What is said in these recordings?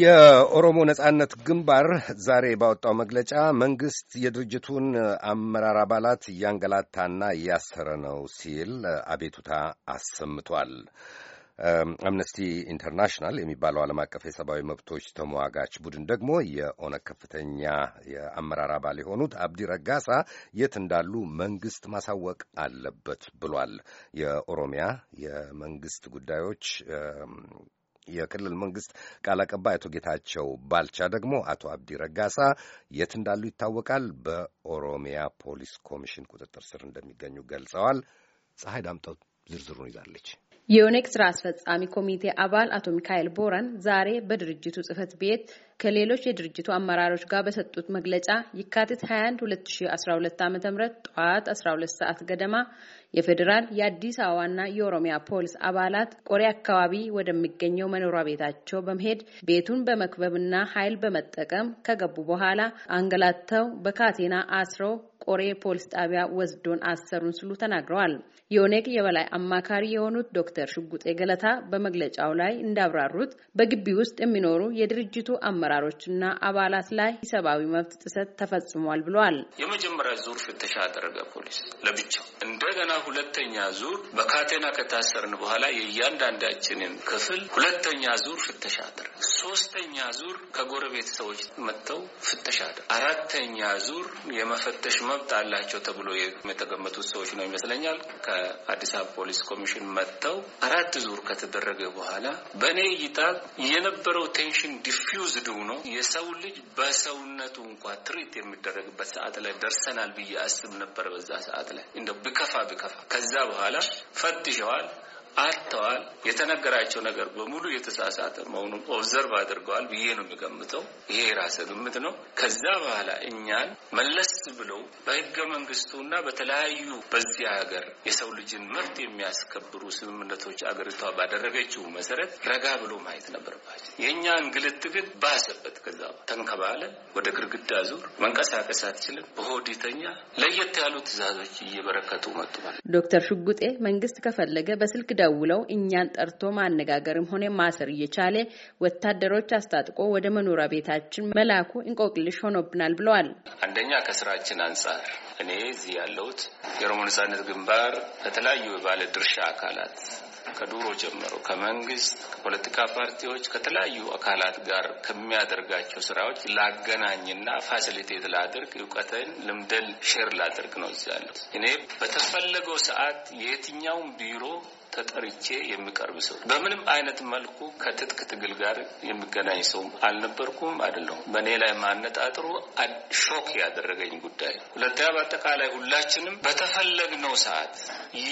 የኦሮሞ ነጻነት ግንባር ዛሬ ባወጣው መግለጫ መንግስት የድርጅቱን አመራር አባላት እያንገላታና እያሰረ ነው ሲል አቤቱታ አሰምቷል። አምነስቲ ኢንተርናሽናል የሚባለው ዓለም አቀፍ የሰብአዊ መብቶች ተሟጋች ቡድን ደግሞ የኦነግ ከፍተኛ የአመራር አባል የሆኑት አብዲ ረጋሳ የት እንዳሉ መንግስት ማሳወቅ አለበት ብሏል። የኦሮሚያ የመንግስት ጉዳዮች የክልል መንግስት ቃል አቀባይ አቶ ጌታቸው ባልቻ ደግሞ አቶ አብዲ ረጋሳ የት እንዳሉ ይታወቃል፣ በኦሮሚያ ፖሊስ ኮሚሽን ቁጥጥር ስር እንደሚገኙ ገልጸዋል። ፀሐይ ዳምጠው ዝርዝሩን ይዛለች። የኦነግ ስራ አስፈጻሚ ኮሚቴ አባል አቶ ሚካኤል ቦረን ዛሬ በድርጅቱ ጽህፈት ቤት ከሌሎች የድርጅቱ አመራሮች ጋር በሰጡት መግለጫ የካቲት 21 2012 ዓ ም ጠዋት 12 ሰዓት ገደማ የፌዴራል የአዲስ አበባና የኦሮሚያ ፖሊስ አባላት ቆሬ አካባቢ ወደሚገኘው መኖሪያ ቤታቸው በመሄድ ቤቱን በመክበብና ኃይል በመጠቀም ከገቡ በኋላ አንገላተው በካቴና አስረው ቆሬ ፖሊስ ጣቢያ ወስዶን አሰሩን ስሉ ተናግረዋል። የኦኔግ የበላይ አማካሪ የሆኑት ዶክተር ሽጉጤ ገለታ በመግለጫው ላይ እንዳብራሩት በግቢ ውስጥ የሚኖሩ የድርጅቱ አመራሮችና አባላት ላይ ሰብአዊ መብት ጥሰት ተፈጽሟል ብለዋል። የመጀመሪያ ዙር ፍተሻ አደረገ ፖሊስ ለብቻው፣ እንደገና ሁለተኛ ዙር በካቴና ከታሰርን በኋላ የእያንዳንዳችንን ክፍል ሁለተኛ ዙር ፍተሻ አደረገ። ሶስተኛ ዙር ከጎረቤት ሰዎች መጥተው ፍተሻ አደረገ። አራተኛ ዙር የመፈተሽ መብት አላቸው ተብሎ የተገመቱት ሰዎች ነው ይመስለኛል። ከአዲስ አበባ ፖሊስ ኮሚሽን መጥተው አራት ዙር ከተደረገ በኋላ በእኔ እይታ የነበረው ቴንሽን ዲፊውዝድ ሆኖ የሰው ልጅ በሰውነቱ እንኳ ትሪት የሚደረግበት ሰዓት ላይ ደርሰናል ብዬ አስብ ነበር። በዛ ሰዓት ላይ እንደው ብከፋ ብከፋ ከዛ በኋላ ፈትሸዋል። አጥተዋል። የተነገራቸው ነገር በሙሉ የተሳሳተ መሆኑን ኦብዘርቭ አድርገዋል ብዬ ነው የሚገምተው። ይሄ የራሰ ግምት ነው። ከዛ በኋላ እኛን መለስ ብለው በህገ መንግስቱና በተለያዩ በዚያ ሀገር የሰው ልጅን መብት የሚያስከብሩ ስምምነቶች አገሪቷ ባደረገችው መሰረት ረጋ ብሎ ማየት ነበረባቸው። የእኛ እንግልት ግን ባሰበት። ከዛ ተንከባለ፣ ወደ ግርግዳ ዙር፣ መንቀሳቀስ አትችልም፣ በሆዲተኛ ለየት ያሉ ትእዛዞች እየበረከቱ መጡ። ዶክተር ሽጉጤ መንግስት ከፈለገ በስልክ ዳ ደውለው እኛን ጠርቶ ማነጋገርም ሆነ ማሰር እየቻለ ወታደሮች አስታጥቆ ወደ መኖሪያ ቤታችን መላኩ እንቆቅልሽ ሆኖብናል ብለዋል። አንደኛ ከስራችን አንጻር እኔ እዚህ ያለሁት የኦሮሞ ነጻነት ግንባር ከተለያዩ የባለ ድርሻ አካላት ከዱሮ ጀምሮ ከመንግስት፣ ከፖለቲካ ፓርቲዎች፣ ከተለያዩ አካላት ጋር ከሚያደርጋቸው ስራዎች ላገናኝና ፋሲሊቴት ላድርግ፣ እውቀትን ልምደል ሼር ላድርግ ነው እዚህ ያለው። እኔ በተፈለገው ሰዓት የትኛውን ቢሮ ተጠርቼ የሚቀርብ ሰው በምንም አይነት መልኩ ከትጥቅ ትግል ጋር የሚገናኝ ሰው አልነበርኩም፣ አይደለሁም። በእኔ ላይ ማነጣጥሩ ሾክ ያደረገኝ ጉዳይ። ሁለተኛ በአጠቃላይ ሁላችንም በተፈለግነው ሰዓት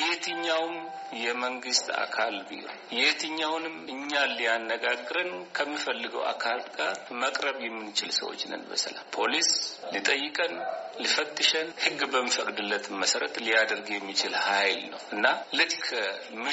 የትኛውም የመንግስት አካል ቢሆን የትኛውንም እኛ ሊያነጋግረን ከሚፈልገው አካል ጋር መቅረብ የምንችል ሰዎች ነን። በሰላም ፖሊስ ሊጠይቀን ሊፈትሸን ህግ በሚፈቅድለት መሰረት ሊያደርግ የሚችል ኃይል ነው እና ልክ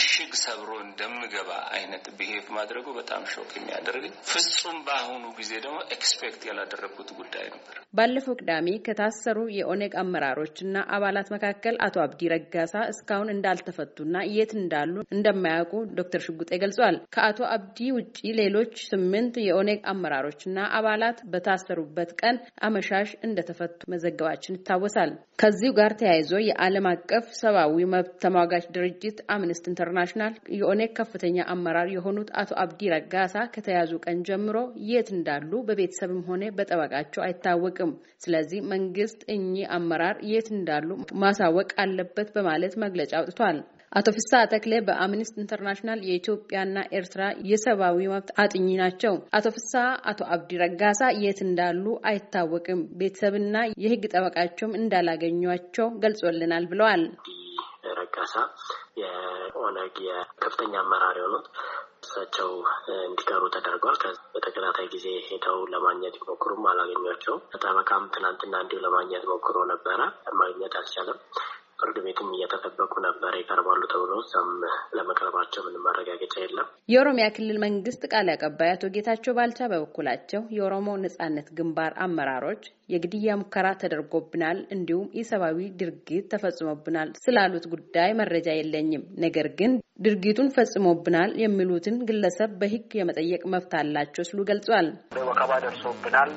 ምሽግ ሰብሮ እንደምገባ አይነት ብሄፍ ማድረጉ በጣም ሾክ የሚያደርግ ፍጹም በአሁኑ ጊዜ ደግሞ ኤክስፔክት ያላደረግኩት ጉዳይ ነበር። ባለፈው ቅዳሜ ከታሰሩ የኦነግ አመራሮችና አባላት መካከል አቶ አብዲ ረጋሳ እስካሁን እንዳልተፈቱና የት እንዳሉ እንደማያውቁ ዶክተር ሽጉጤ ገልጿል። ከአቶ አብዲ ውጪ ሌሎች ስምንት የኦነግ አመራሮችና አባላት በታሰሩበት ቀን አመሻሽ እንደተፈቱ መዘገባችን ይታወሳል። ከዚሁ ጋር ተያይዞ የዓለም አቀፍ ሰብአዊ መብት ተሟጋች ድርጅት አምነስትን ኢንተርናሽናል የኦኔግ ከፍተኛ አመራር የሆኑት አቶ አብዲ ረጋሳ ከተያዙ ቀን ጀምሮ የት እንዳሉ በቤተሰብም ሆነ በጠበቃቸው አይታወቅም። ስለዚህ መንግስት እኚህ አመራር የት እንዳሉ ማሳወቅ አለበት በማለት መግለጫ አውጥቷል። አቶ ፍስሐ ተክሌ በአምኒስት ኢንተርናሽናል የኢትዮጵያና ኤርትራ የሰብአዊ መብት አጥኚ ናቸው። አቶ ፍስሐ አቶ አብዲ ረጋሳ የት እንዳሉ አይታወቅም፣ ቤተሰብና የህግ ጠበቃቸውም እንዳላገኟቸው ገልጾልናል ብለዋል። ረጋሳ የኦነግ የከፍተኛ አመራር የሆኑት እሳቸው እንዲቀሩ ተደርጓል። በተከታታይ ጊዜ ሄደው ለማግኘት ቢሞክሩም አላገኟቸው። ጠበቃም ትናንትና እንዲሁ ለማግኘት ሞክሮ ነበረ፣ ማግኘት አልቻለም። ፍርድ ቤትም እየተጠበቁ ነበረ ይቀርባሉ ተብሎ እዛም ለመቅረባቸው ምንም ማረጋገጫ የለም። የኦሮሚያ ክልል መንግስት ቃል አቀባይ አቶ ጌታቸው ባልቻ በበኩላቸው የኦሮሞ ነጻነት ግንባር አመራሮች የግድያ ሙከራ ተደርጎብናል፣ እንዲሁም ኢሰብአዊ ድርጊት ተፈጽሞብናል ስላሉት ጉዳይ መረጃ የለኝም። ነገር ግን ድርጊቱን ፈጽሞብናል የሚሉትን ግለሰብ በሕግ የመጠየቅ መብት አላቸው ሲሉ ገልጿል። ወከባ ደርሶብናል፣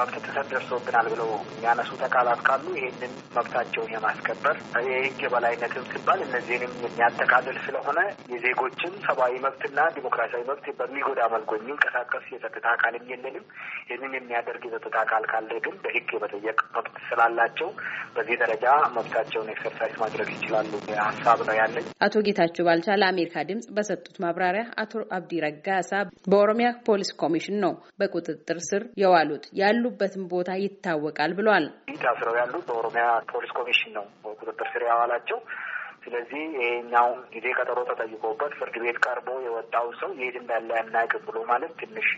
መብት ጥሰት ደርሶብናል ብለው የሚያነሱት አካላት ካሉ ይህንን መብታቸውን የማስከበር የሕግ የበላይነትም ሲባል እነዚህንም የሚያጠቃልል ስለሆነ የዜጎችን ሰብአዊ መብትና ዲሞክራሲያዊ መብት በሚጎዳ መልኩ የሚንቀሳቀስ የጸጥታ አካልም የለንም። ይህንን የሚያደርግ የጸጥታ አካል ካለ ግን በህግ የመጠየቅ መብት ስላላቸው በዚህ ደረጃ መብታቸውን ኤክሰርሳይዝ ማድረግ ይችላሉ ሀሳብ ነው ያለኝ። አቶ ጌታቸው ባልቻ ለአሜሪካ ድምጽ በሰጡት ማብራሪያ አቶ አብዲ ረጋሳ በኦሮሚያ ፖሊስ ኮሚሽን ነው በቁጥጥር ስር የዋሉት ያሉበትን ቦታ ይታወቃል ብሏል። ታስረው ያሉት በኦሮሚያ ፖሊስ ኮሚሽን ነው በቁጥጥር ስር የዋላቸው። ስለዚህ ይሄኛው ጊዜ ቀጠሮ ተጠይቆበት ፍርድ ቤት ቀርቦ የወጣው ሰው ይሄድ እንዳለ ያናቅ ብሎ ማለት ትንሽ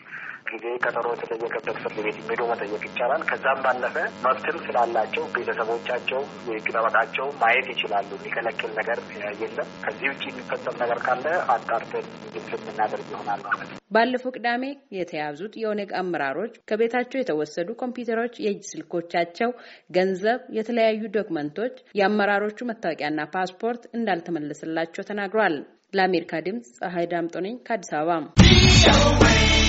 ጊዜ ቀጠሮ የተጠየቀበት ፍርድ ቤት ሄዶ መጠየቅ ይቻላል። ከዛም ባለፈ መብትም ስላላቸው ቤተሰቦቻቸው የህግ ጠበቃቸው ማየት ይችላሉ። የሚከለክል ነገር የለም። ከዚህ ውጭ የሚፈጸም ነገር ካለ አጣርተን ግልጽ የምናደርግ ይሆናል ማለት ነው። ባለፈው ቅዳሜ የተያዙት የኦነግ አመራሮች ከቤታቸው የተወሰዱ ኮምፒውተሮች፣ የእጅ ስልኮቻቸው፣ ገንዘብ፣ የተለያዩ ዶክመንቶች፣ የአመራሮቹ መታወቂያና ፓስፖርት እንዳልተመለሰላቸው ተናግሯል። ለአሜሪካ ድምፅ ፀሐይ ዳምጦ ነኝ ከአዲስ አበባ